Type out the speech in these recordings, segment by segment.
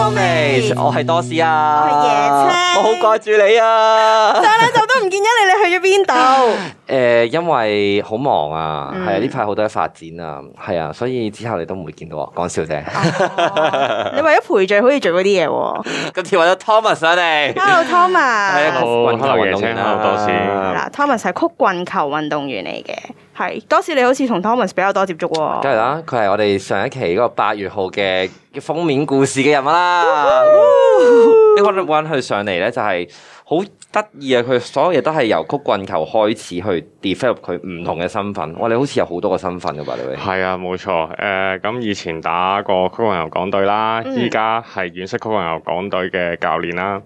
我係多士啊，我係椰青，我好掛住你啊！上兩集都唔見咗你，你去咗邊度？誒、 呃，因為好忙啊，係啊、嗯，呢排好多發展啊，係啊，所以之後你都唔會見到我。講笑啫、 哦，你為咗賠罪，可以做嗰啲嘢。 今次揾咗 Thomas 嚟，Hello Thomas，你好，我係、 啊、椰青，我係多士。Thomas 係 次 曲棍球運動員嚟嘅。係，多士你好似同 Thomas 比較多接觸喎、哦。梗係啦，佢係我哋上一期嗰個八月號嘅封面故事嘅人物啦。 你揾唔揾佢上嚟咧？就係好得意啊！佢所有嘢都係由曲棍球開始去 develop 佢唔同嘅身份。我哋、嗯、好似有好多個身份㗎嘛？你係。係啊，冇錯。誒、呃，咁以前打過曲棍球港隊啦，依家係軟式曲棍球港隊嘅教練啦。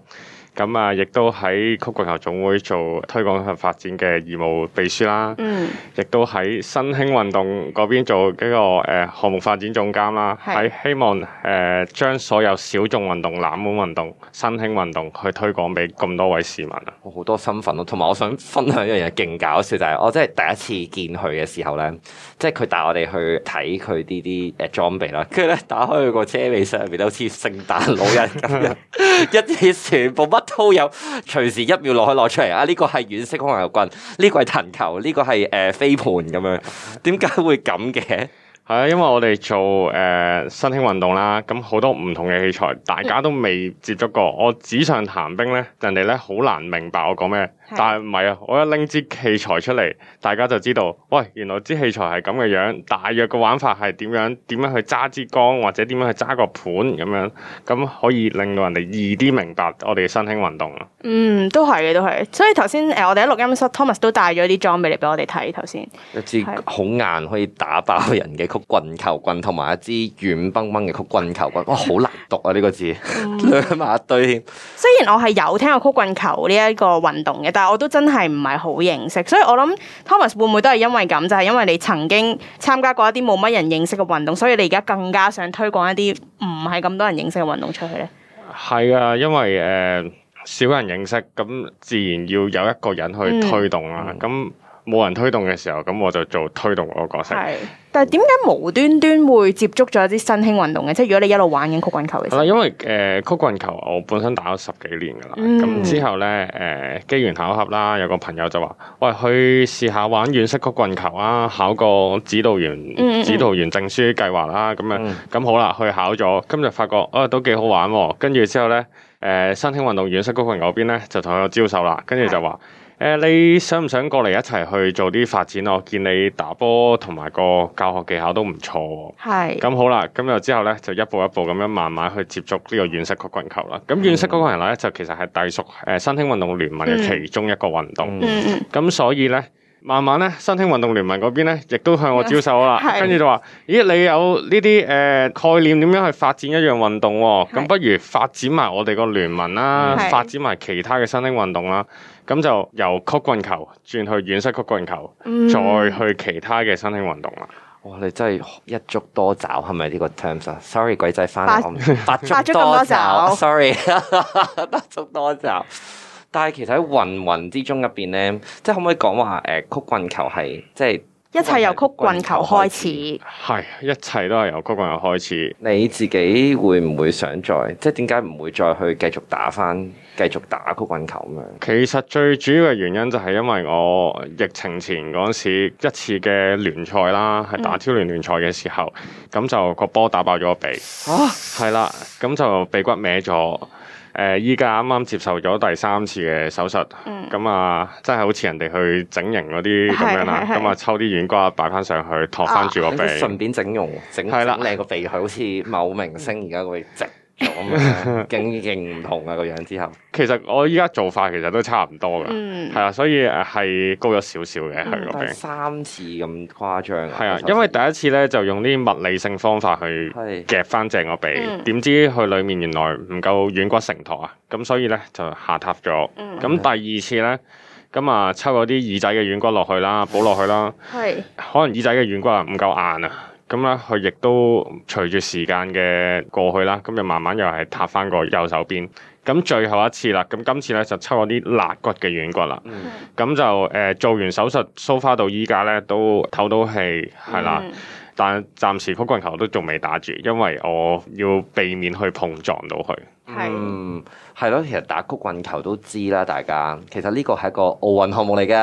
咁啊，亦都喺曲棍球總會做推廣同發展嘅義務秘書啦。嗯。亦都喺新興運動嗰邊做一個誒項、呃、目發展總監啦。係是希望誒將、呃、所有小眾運動、冷門運動、新興運動去推廣俾咁多位市民啊！好、哦、多身份咯。同埋我想分享一樣嘢勁搞笑就係、是、我真係第一次見佢嘅時候咧，即係佢帶我哋去睇佢呢啲誒裝備啦。跟住咧打開佢個車尾箱入邊都好似聖誕老人咁樣， 一啲全部乜？ 都有隨時一秒落去攞出嚟啊！呢、這個係軟式高爾夫棍，呢、這個係藤球，呢、這個係誒、呃、飛盤咁樣。點解會咁嘅？係啊，因為我哋做誒、呃、新興運動啦，咁好多唔同嘅器材，大家都未接觸過。我紙上談兵咧，人哋咧好難明白我講咩。但係唔係啊！我一拎支器材出嚟，大家就知道，喂，原來支器材係咁嘅樣，大約個玩法係點樣？點樣去揸支桿，或者點樣去揸個盤咁樣，咁可以令到人哋易啲明白我哋嘅新興運動。嗯，都係嘅，都係。所以頭先誒，我哋喺錄音室，Thomas 都帶咗啲裝備嚟俾我哋睇頭先。一支好硬可以打爆人嘅曲棍球棍，同埋、嗯、一支軟崩崩嘅曲棍球棍。哇，好難讀啊！呢 個字兩碼堆。雖然我係有聽過曲棍球呢一個運動嘅，但我都真係唔係好認識，所以我諗 Thomas 會唔會都係因為咁，就係、是、因為你曾經參加過一啲冇乜人認識嘅運動，所以你而家更加想推廣一啲唔係咁多人認識嘅運動出去咧？係啊，因為誒少、呃、人認識，咁自然要有一個人去推動啦。咁、嗯。嗯冇人推動嘅時候，咁我就做推動個角色。係，但係點解無端端會接觸咗一啲新興運動嘅？即係如果你一路玩緊曲棍球嘅時候，因為誒、呃、曲棍球我本身打咗十幾年㗎啦，咁、嗯、之後咧誒、呃、機緣巧合啦，有個朋友就話，喂，去試下玩軟式曲棍球啊，考個指導員、嗯嗯、指導員證書計劃啦。咁啊、咁、嗯、好啦，去考咗，今日發覺啊、呃，都幾好玩喎。跟住之後咧，誒、呃、新興運動軟式曲棍球邊咧就同佢招手啦，跟住就話。誒、呃，你想唔想過嚟一齊去做啲發展啊？我見你打波同埋個教學技巧都唔錯、哦。係是。咁好啦，咁又之後咧就一步一步咁樣慢慢去接觸呢個軟式曲棍球啦。咁軟式曲棍球咧就其實係隸屬誒新興運動聯盟嘅其中一個運動。咁、嗯、所以咧，慢慢咧新興運動聯盟嗰邊咧亦都向我招手啦。跟住 是就話：咦，你有呢啲誒概念，點樣去發展一樣運動？咁不如發展埋我哋個聯盟啦，發展埋其他嘅新興運動啦。咁就由曲棍球轉去軟式曲棍球，嗯、再去其他嘅新興運動啦。哇！你真係一足多， 多爪，係咪呢個 terms 啊？Sorry，鬼仔翻嚟我發足多爪，Sorry， 發足多爪。但係其實喺雲雲之中入邊咧，即係可唔可以講話誒？曲棍球係即係。一切由曲棍球開始，係一切都係由曲棍球開始。你自己會唔會想再即係點解唔會再去繼續打翻繼續打曲棍球咁樣？其實最主要嘅原因就係因為我疫情前嗰時一次嘅聯賽啦，係打超聯聯賽嘅時候，咁、嗯、就個波打爆咗個鼻，係啦、啊，咁就鼻骨歪咗。誒依家啱啱接受咗第三次嘅手術，咁、嗯、啊，即係好似人哋去整形嗰啲咁樣啦、啊，咁啊、嗯、抽啲軟骨擺翻上去，托翻住個鼻，啊、順便整容，整的整、整你個鼻，好似某明星而家會直。嗯嗯咁啊，勁勁唔同啊個樣之後，其實我依家做法其實都差唔多噶，係啊、嗯，所以係高咗少少嘅係個鼻。嗯、的三次咁誇張啊！係啊的，上因為第一次咧就用啲物理性方法去夾翻正個鼻，點、嗯、知佢裡面原來唔夠軟骨承托啊，咁所以咧就下塌咗。咁、嗯、第二次咧咁啊，抽嗰啲耳仔嘅軟骨落去啦，補落去啦，的可能耳仔嘅軟骨啊唔夠硬啊。咁咧，佢亦都隨住時間嘅過去啦，咁就慢慢又係塌翻個右手邊。咁最後一次啦，咁今次咧就抽咗啲肋骨嘅軟骨啦。咁、嗯、就誒、呃、做完手術，蘇花到依家咧都唞到氣，係啦。嗯但暫時曲棍球我都仲未打住，因為我要避免去碰撞到佢。係的，係咯、嗯，其實打曲棍球都知啦，大家。其實呢個係一個奧運項目嚟㗎，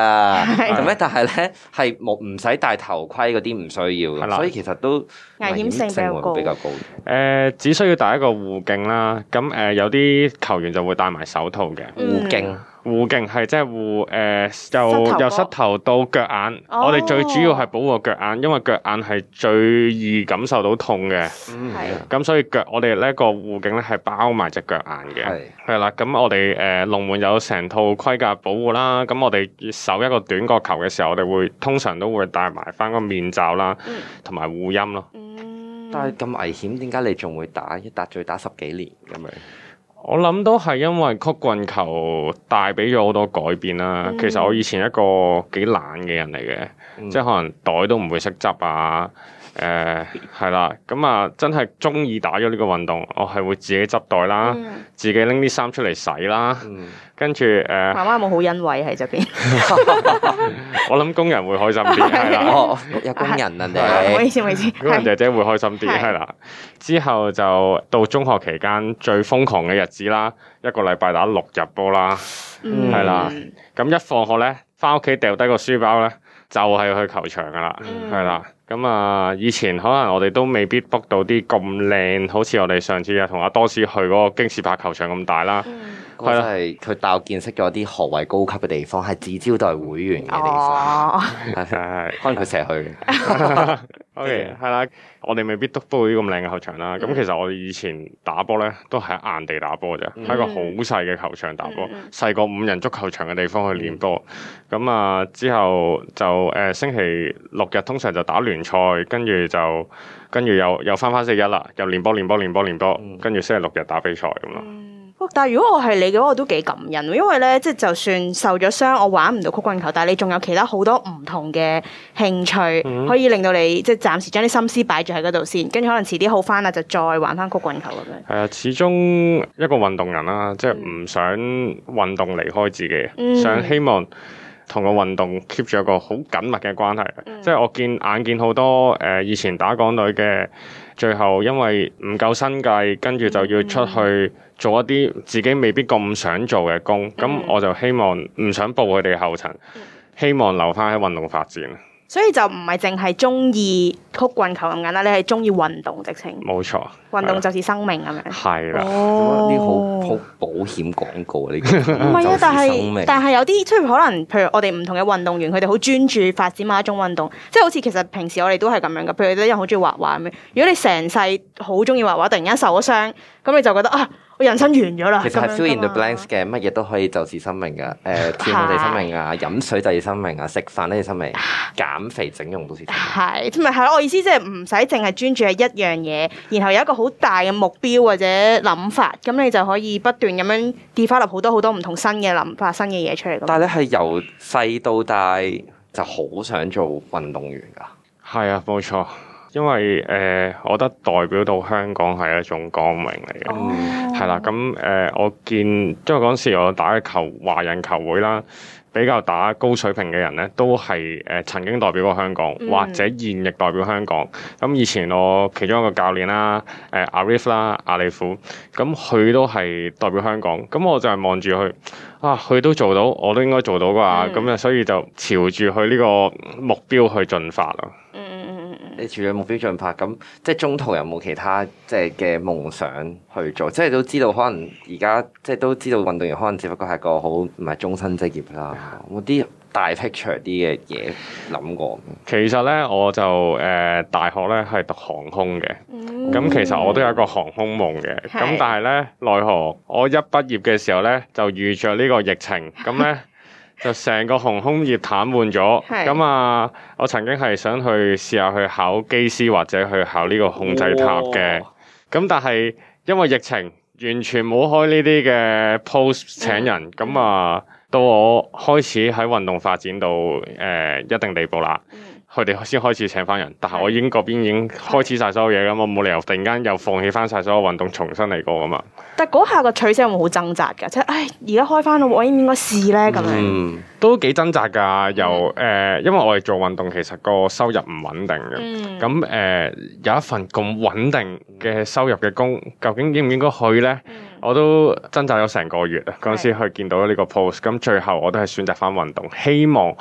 咁咧的，但係咧係冇唔使戴頭盔嗰啲唔需要，的所以其實都危險性會比較高。危險性比較高。誒、呃，只需要戴一個護鏡啦。咁誒、呃，有啲球員就會戴埋手套嘅護鏡。嗯護脛係即係護誒，由膝蓋由膝頭到腳眼，oh. 我哋最主要係保護腳眼，因為腳眼係最易感受到痛嘅。咁、mm, 的嗯、所以腳我哋呢個護脛咧係包埋隻腳眼嘅。係的。係啦，咁我哋誒龍門有成套盔甲保護啦。咁我哋守一個短角球嘅時候，我哋會通常都會戴埋翻個面罩啦，同埋護陰咯、嗯。但係咁危險，點解你仲會打一打，再打十幾年咁樣？我諗都係因為曲棍球帶俾咗好多改變啦。嗯、其實我以前一個幾懶嘅人嚟嘅，即係可能袋都唔會識執啊。誒，係啦，咁啊，真係中意打咗呢個運動，我係會自己執袋啦，自己拎啲衫出嚟洗啦，跟住誒，媽媽有冇好欣慰喺側邊？我諗工人會開心啲係啦，有工人你哋，唔好意思唔好意思，工人姐姐會開心啲係啦。之後就到中學期間最瘋狂嘅日子啦，一個禮拜打六日波啦，係啦，咁一放學咧，翻屋企掉低個書包咧，就係去球場噶啦，係啦。咁啊，以前可能我哋都未必 book 到啲咁靚，好似我哋上次啊同阿多士去嗰個京士柏球場咁大啦。 係佢帶我見識咗啲何謂高級嘅地方，係只招待會員嘅地方。哦、啊，係係、嗯，可能佢成日去。嘅 O K，係啦，我哋未必都波喺咁靚嘅球場啦。咁其實我哋以前打波咧，都係喺硬地打波啫，喺、嗯、個好細嘅球場打波，細個五人足球場嘅地方去練波。咁啊，之後就誒、呃、星期六日通常就打聯賽，跟住就跟住又又返返四一啦，又練波練波練波練波，跟住星期六日打比賽咁咯。但係如果我係你嘅話，我都幾感恩。因為咧，即係就算受咗傷，我玩唔到曲棍球，但係你仲有其他好多唔同嘅興趣，嗯、可以令到你即係暫時將啲心思擺住喺嗰度先，跟住可能遲啲好翻啦，就再玩翻曲棍球咁樣。係啊、嗯，始終一個運動人啦，即係唔想運動離開自己，嗯、想希望。同個運動 keep 住一個好緊密嘅關係，嗯、即係我見眼見好多誒、呃、以前打港隊嘅，最後因為唔夠生計，跟住就要出去做一啲自己未必咁想做嘅工，咁、嗯、我就希望唔、嗯、想步佢哋後塵，嗯、希望留翻喺運動發展。所以就唔係淨係中意曲棍球咁簡單，你係中意運動直情？冇錯，運動就似生命咁樣。係啦，呢啲、哦、好保保險廣告啊，呢啲。唔係 啊，但係但係有啲，雖然可能，譬如我哋唔同嘅運動員，佢哋好專注發展某一種運動，即係好似其實平時我哋都係咁樣噶。譬如啲人好中意畫畫咁樣，如果你成世好中意畫畫，突然間受咗傷，咁你就覺得啊。人生完咗啦，其實係 fill in the blanks 嘅，乜嘢都可以就係生命嘅。誒跳我生命啊，是 飲水就要生命啊，食飯都要生命，是減肥整容都先是。係，即係咪係咯？我意思即係唔使淨係專注係一樣嘢，然後有一個好大嘅目標或者諗法，咁你就可以不斷咁樣 develop 好多好多唔同新嘅諗法、新嘅嘢出嚟。但係你係由細到大就好想做運動員㗎。係啊，冇錯。因為誒、呃，我覺得代表到香港係一種光榮嚟嘅，係啦、oh.。咁誒、呃，我見，因為嗰時我打嘅球，華人球會啦，比較打高水平嘅人咧，都係誒、呃、曾經代表過香港或者現役代表香港。咁、mm. 以前我其中一個教練啦，誒、呃、阿 Rif 啦，阿里夫，咁佢都係代表香港。咁我就係望住佢，啊，佢都做到，我都應該做到啩。咁啊，所以就朝住佢呢個目標去進發咯。你除咗目標進發咁，即係中途有冇其他即係嘅夢想去做？即係都知道可能而家即係都知道運動員可能只不過係個好唔係終身職業啦。冇啲大 picture 啲嘅嘢諗過。其實咧，我就誒、呃、大學咧係讀航空嘅，咁、嗯、其實我都有一個航空夢嘅。咁是但係咧，奈何我一畢業嘅時候咧就遇着呢個疫情，咁咧。 就成個航空業癱瘓咗，咁啊是、嗯，我曾經係想去試下去考機師或者去考呢個控制塔嘅，咁、哦嗯、但係因為疫情完全冇開呢啲嘅 post 請人，咁啊，到我開始喺運動發展到誒、呃、一定地步啦。嗯佢哋先開始請翻人，但係我已經嗰邊已經開始晒所有嘢咁，我冇理由突然間又放棄翻晒所有運動，重新嚟過啊嘛！但嗰下個取捨，冇好掙扎嘅，即係，唉，而家開翻咯，我應唔應該試咧？咁樣，嗯，都幾掙扎噶，又誒，呃，因為我哋做運動其實個收入唔穩定嘅，咁誒，嗯嗯，有一份咁穩定嘅收入嘅工，究竟應唔應該去咧？嗯，我都掙扎咗成個月啊！嗰時去見到呢個 post，咁最後我都係選擇翻運動，希望。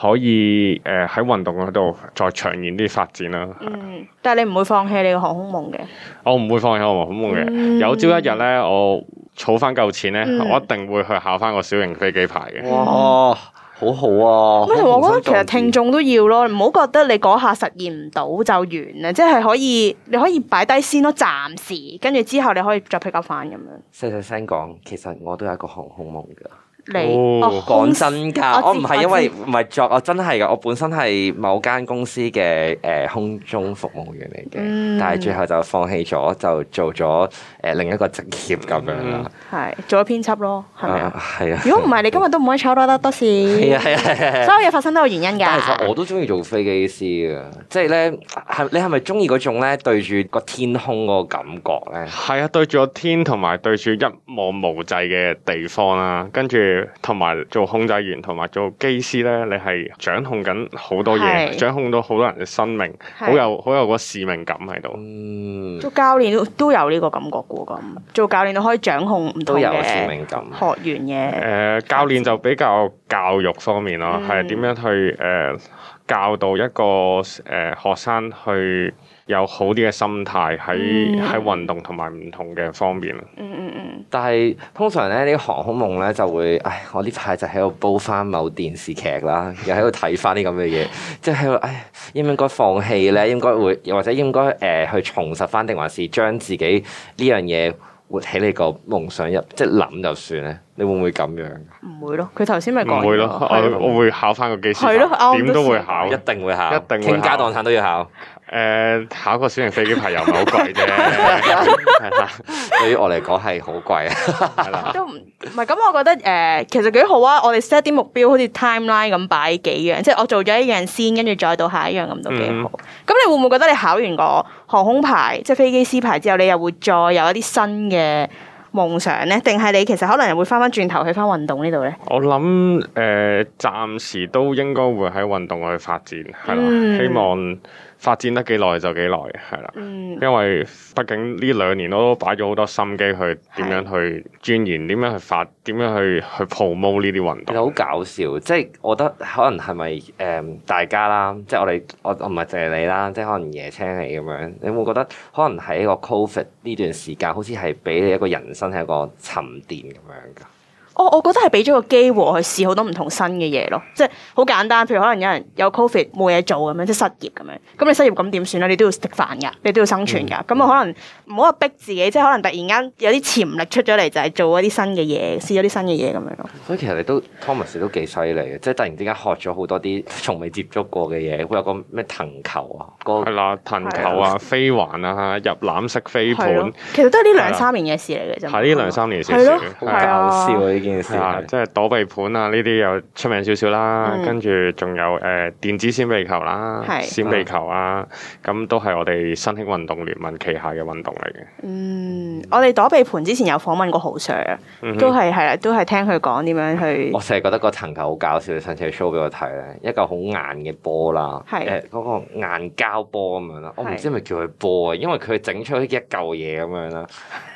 可以誒喺運動嗰度再長遠啲發展啦。嗯，但係你唔會放棄你個航空夢嘅？我唔、哦、會放棄航空夢嘅。嗯、有朝一日咧，我儲翻夠錢咧，嗯、我一定會去考翻個小型飛機牌嘅。嗯、哇，好好啊！喂，我覺得其實聽眾都要咯，唔好覺得你嗰下實現唔到就完啦，即、就、係、是、可以，你可以擺低先咯，暫時，跟住之後你可以再 pick up 翻咁樣。細細聲講，其實我都有一個航空夢噶。你講、oh, 空真㗎，我唔知係因為唔係作，我真係嘅。我本身係某間公司嘅誒空中服務員嚟嘅，嗯、但係最後就放棄咗，就做咗誒另一個職業咁樣啦。係、嗯、做咗編輯咯，係咪啊？係啊。如果唔係，啊、你今日都唔可以炒多得多先。係啊係啊，啊啊所有嘢發生都有原因㗎。但係其實我我都中意做飛機師嘅，即係咧係你係咪中意嗰種咧對住個天空嗰個感覺咧？係啊，對住個天同埋對住一望無際嘅地方啦、啊，跟住。同埋做控制員同埋做機師咧，你係掌控緊好多嘢，是掌控到好多人嘅生命，好是有好有個使命感喺度。嗯做練，做教練都都有呢個感覺嘅咁，做教練都可以掌控唔到有使命感嘅學員嘅。誒、呃，教練就比較教育方面咯，係點、嗯、樣去誒。呃教導一個誒、呃、學生去有好啲嘅心態喺喺運動同埋唔同嘅方面。mm。嗯嗯嗯。但係通常咧呢個航空夢咧就會，唉，我呢排就喺度煲翻某電視劇啦，又喺度睇翻啲咁嘅嘢，即係喺度， 唉，應唔應該放棄咧？應該會，或者應該誒、呃、去重拾翻，定還是將自己呢樣嘢活喺你個夢想入，即係諗就算咧。你會唔會咁樣？唔會咯，佢頭先咪講。唔會咯，我我會考翻個機師。係咯，點都會考，一定會考，一定傾家蕩產都要考。誒，考個小型飛機牌又唔係好貴啫。對於我嚟講係好貴啊。都唔唔係咁，我覺得誒，其實幾好啊。我哋 set 啲目標，好似 timeline 咁擺幾樣，即係我做咗一樣先，跟住再到下一樣咁都幾好。咁你會唔會覺得你考完個航空牌，即係飛機師牌之後，你又會再有一啲新嘅夢想呢，定係你其實可能又會翻翻轉頭去翻運動呢度呢？我諗誒、呃，暫時都應該會喺運動去發展，係啦，嗯、希望。發展得幾耐就幾耐，係啦。嗯、因為畢竟呢兩年我都擺咗好多心機去點樣去鑽研，點樣去發、點樣去去 promote 呢啲運動。其實好搞笑，即係我覺得可能係咪誒大家啦，即係我哋我唔係謝你啦，即係可能爺青你咁樣，你有冇覺得可能喺一個 COVID 呢段時間，好似係俾你一個人生係一個沉澱咁樣㗎？我我覺得係俾咗個機會去試好多唔同新嘅嘢咯，即係好簡單。譬如可能有人有 Covid 冇嘢做咁樣，即係失業咁樣。咁你失業咁點算咧？你都要食飯㗎，你都要生存㗎。咁啊，可能唔好話逼自己，即係可能突然間有啲潛力出咗嚟，就係做一啲新嘅嘢，試一啲新嘅嘢咁樣咯。所以其實你都 Thomas 都幾犀利嘅，即係突然之間學咗好多啲從未接觸過嘅嘢。會有個咩藤球啊？個係啦，藤球啊，飛環啊，入籃式飛盤，其實都係呢兩三年嘅事嚟嘅啫。係呢兩三年嘅事，搞笑。係啊，即係躲避盤啊，呢啲又出名少少啦。跟住仲有誒、呃、電子閃避球啦、閃避是球啊，咁、嗯、都係我哋新興運動聯盟旗下嘅運動嚟嘅。嗯，我哋躲避盤之前有訪問過豪 Sir 啊，都係係啦，都係聽佢講點樣去。我成日覺得個藤球好搞笑，上次 show 俾我睇咧，一嚿好硬嘅波啦，誒嗰是、呃嗰個硬膠波咁樣啦，是我唔知係咪叫佢波啊，因為佢整出一嚿嘢咁樣啦。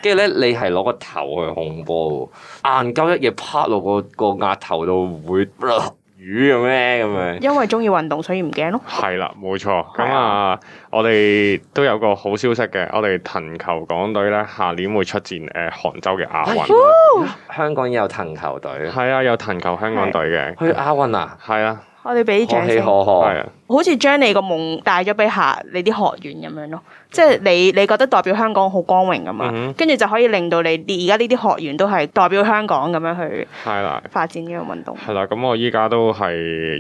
跟住咧，你係攞個頭去控波硬膠嘢趴落個個額頭度會落雨嘅咩？咁、呃、樣， 因為中意運動，所以唔驚咯。係啦，冇錯。咁啊，嗯 uh，我哋都有個好消息嘅，我哋藤球港隊咧，下年會出戰誒杭、呃、州嘅亞運。香港有藤球隊？係啊，有藤球香港隊嘅去亞運啊？係啊。我哋俾啲掌聲，係啊，好似將你個夢帶咗俾下你啲學員咁樣咯，的即係你你覺得代表香港好光榮咁啊，跟住，嗯，哼就可以令到你而家呢啲學員都係代表香港咁樣去，係啦，發展呢個運動。係啦，咁我依家都係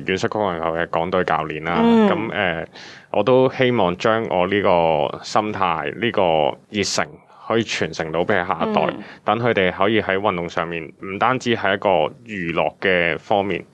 軟式曲棍球嘅港隊教練啦，咁誒，嗯呃，我都希望將我呢個心態呢，這個熱誠。可以傳承到俾下一代，等佢哋可以喺運動上面，唔單止係一個娛樂嘅方面，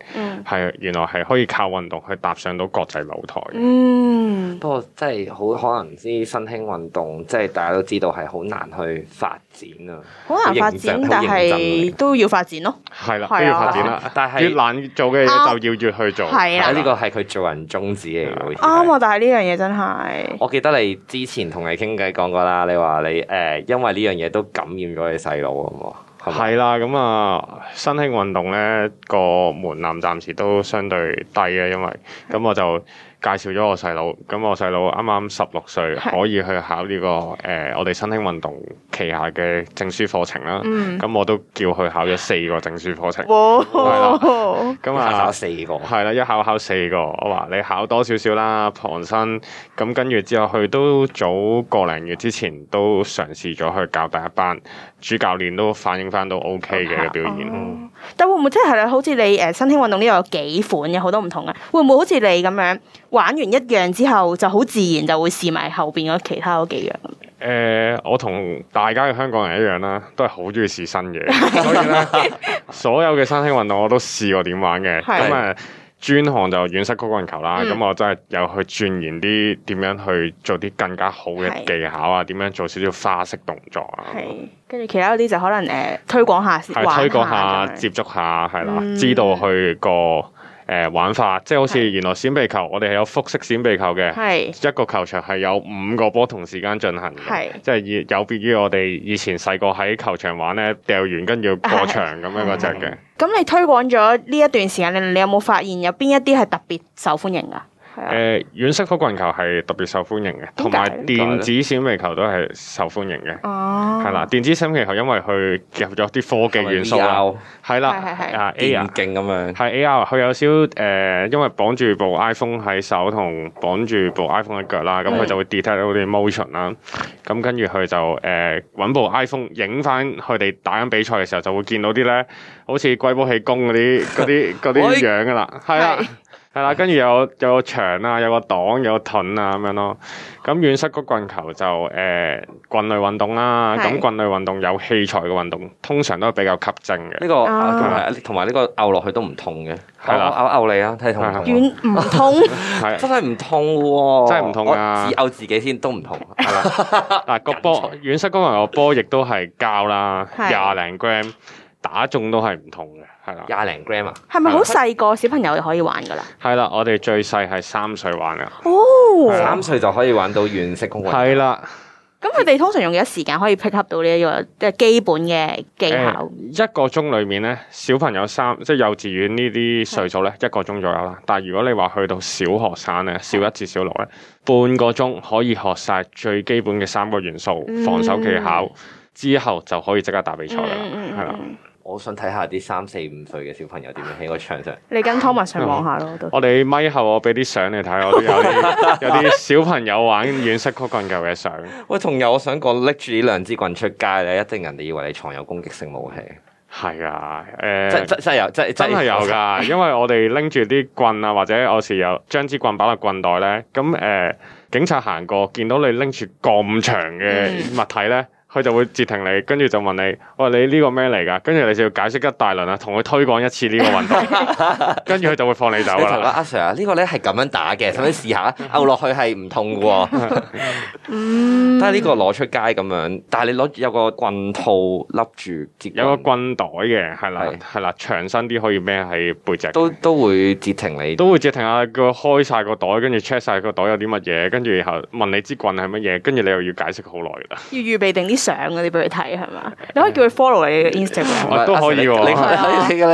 係、嗯、原來係可以靠運動去踏上到國際舞台、嗯。不過即係好可能啲新興運動，即係大家都知道係好難去發。展啊，好難發展，但係都要發展咯。係啦，都要發展啦。但係越難做嘅嘢就要越去做，係啊，呢個係佢做人宗旨嚟嘅。啱啊，但係呢樣嘢真係。我記得你之前同你傾偈講過啦，你話你誒、呃，因為呢樣嘢都感染咗你細佬啊嘛。係啦，咁啊，新興運動咧個門檻暫時都相對低啊，因為咁我就。介紹咗我細佬，咁我細佬啱啱十六歲，是可以去考呢、這個誒、呃，我哋新興運動旗下嘅證書課程啦。咁、嗯、我都叫佢考咗四個證書課程，係啦哇，咁啊考四個，係啦，一考考四個。我話你考多少少啦，傍身。咁跟住之後，佢都早個零月之前都嘗試咗去教第一班，主教練都反映返都 OK 嘅表現。嗯哦嗯、但會唔會即、就、係、是、好似你誒、呃、新興運動呢度有幾款有好多唔同嘅，會唔會好似你咁樣？玩完一樣之後，就好自然就會試埋後邊其他嗰幾樣。呃、我同大家嘅香港人一樣啦，都係好中意試新嘢， 所以咧，所有嘅新興運動我都試過點玩嘅。咁誒是、嗯，專項就軟式曲棍球啦。咁、嗯、我真係有去鑽研啲點樣去做啲更加好嘅技巧啊，點是樣做少少花式動作啊。係。跟住其他嗰啲就可能誒、呃，推廣下，推是玩下，接觸下，係啦、就是，嗯、知道去個。誒、呃、玩法即係好似原來閃避球，我哋係有複式閃避球嘅，是一個球場係有五個波同時間進行嘅，是即係有別於我哋以前細個喺球場玩咧，掉完跟住要過場咁樣嗰隻嘅。咁你推廣咗呢一段時間，你你有冇發現有邊一啲係特別受歡迎㗎？誒，軟式曲棍球係特別受歡迎嘅，同埋電子閃避球都係受歡迎嘅。哦，係啦，電子閃避球因為佢夾咗啲科技元素啦，係啦，啊 A R 咁樣，係 A R 佢有少誒，因為綁住部 iPhone 喺手同綁住部 iPhone 嘅腳啦，咁佢就會 detect 到啲 motion 啦。咁跟住佢就誒揾部 iPhone 影翻佢哋打緊比賽嘅時候，就會見到啲咧好似《龜波氣功》嗰啲啲啲樣噶啦，係啊。係啦，跟住有有個牆啊，有個擋，有個盾啊咁樣咯。咁軟式曲棍球就誒、欸、棍類運動啦。咁的棍類運動有器材嘅運動，通常都係比較吸睛嘅。呢、嗯、個同埋呢個拗落去都唔痛嘅。係啦的，拗拗、哦、你啊，睇下痛唔痛，真係唔痛喎。真係唔痛啊！只拗自己先都唔痛。嗱、 那個波軟式曲棍球嗰個波亦都係膠啦，廿零 gram 打中都係唔痛嘅。係啦，廿零 gram 啊，係咪好細個小朋友就可以玩噶啦？係啦，我哋最細係三歲玩啊。哦、oh, 的，三歲就可以玩到原式公園。係啦的，咁佢哋通常用幾多時間可以 pick up 到呢一個即係基本嘅技巧？嗯、一個鐘裏面咧，小朋友三即係幼稚園呢啲歲數咧，一個鐘左右啦。但係如果你話去到小學生咧，小一至小六咧，半個鐘可以學晒最基本嘅三個元素防守技巧、嗯、之後，就可以即刻打比賽噶啦，係啦、嗯。我想睇下啲三四五歲嘅小朋友點樣喺個場上。你跟 Thomas 上網下咯，我哋咪後我俾啲相你睇，我都 我我我有，有啲小朋友玩軟式曲棍球嘅相。喂， 同樣我想講，拎住呢兩支棍出街咧，一定人哋以為你藏有攻擊性武器。係啊，誒、呃，真真真有真真係有噶，即即因為我哋拎住啲棍啊，或者有時有將支棍擺落棍袋咧，咁誒、呃，警察行過見到你拎住咁長嘅物體咧。 佢就會截停你，跟住就問你，哇、哎，你呢個咩嚟㗎？跟住你就要解釋一大輪啦，同佢推廣一次呢個運動。跟住佢就會放你走啦。阿 Sir 啊，呢個咧係咁樣打嘅，使唔使試下？撳落 去係唔痛嘅喎。嗯。 但係呢個攞出街咁樣，但係你攞住有個棍套笠住，截有個棍袋嘅，係啦，係啦是，長身啲可以孭喺背脊。都都會截停你，都會截停下佢開晒個袋，跟住 check 曬個袋有啲乜嘢，跟住然後問你支棍係乜嘢，跟住你又要解釋好耐㗎。要， 要預備定啲。相嗰啲俾佢睇係嘛？你可以叫佢 follow 你嘅 Instagram，我都可以喎。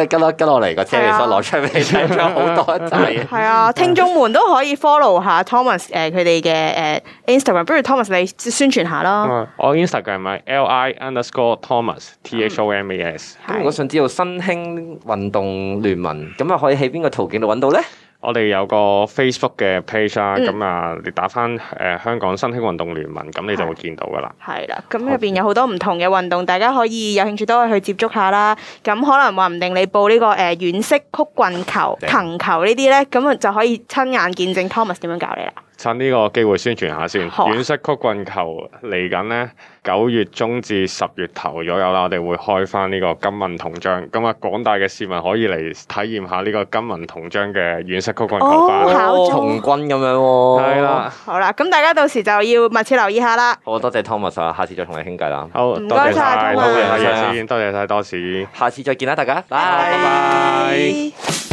你跟落跟落嚟個車，其實攞出嚟好多真係。係啊，聽眾們都可以 follow 下 Thomas 誒佢哋嘅誒 Instagram。不如 Thomas 你宣傳下囉。我 Instagram 係咪 L I underscore Thomas T H O M A S？咁我想知道新興運動聯盟咁啊，可以喺邊個途徑度揾到咧？我哋有個 Facebook 嘅 page 啦、啊。咁、嗯、啊，你打翻誒、呃、香港新興運動聯盟，咁、嗯、你就會見到噶啦。係啦，咁入邊有好多唔同嘅運動，大家可以有興趣都可以去接觸下啦。咁可能話唔定你報呢、這個誒、呃、軟式曲棍球、藤球呢啲咧，咁的就可以親眼見證 Thomas 點樣教你啦。趁呢個機會宣傳下先，軟式、啊、曲棍球嚟緊呢，九月中至十月頭左右啦，我哋會開返呢個金銀銅章，咁啊廣大嘅市民可以嚟體驗下呢個金銀銅章嘅軟式曲棍球、哦、考重、哦、軍咁樣喎、哦。係啦了，好啦，咁大家到時就要密切留意下啦。好，多謝 Thomas 下次再同你傾偈啦。好，唔該曬，多謝曬，多謝曬，下次再見啦，大家，bye bye。拜拜。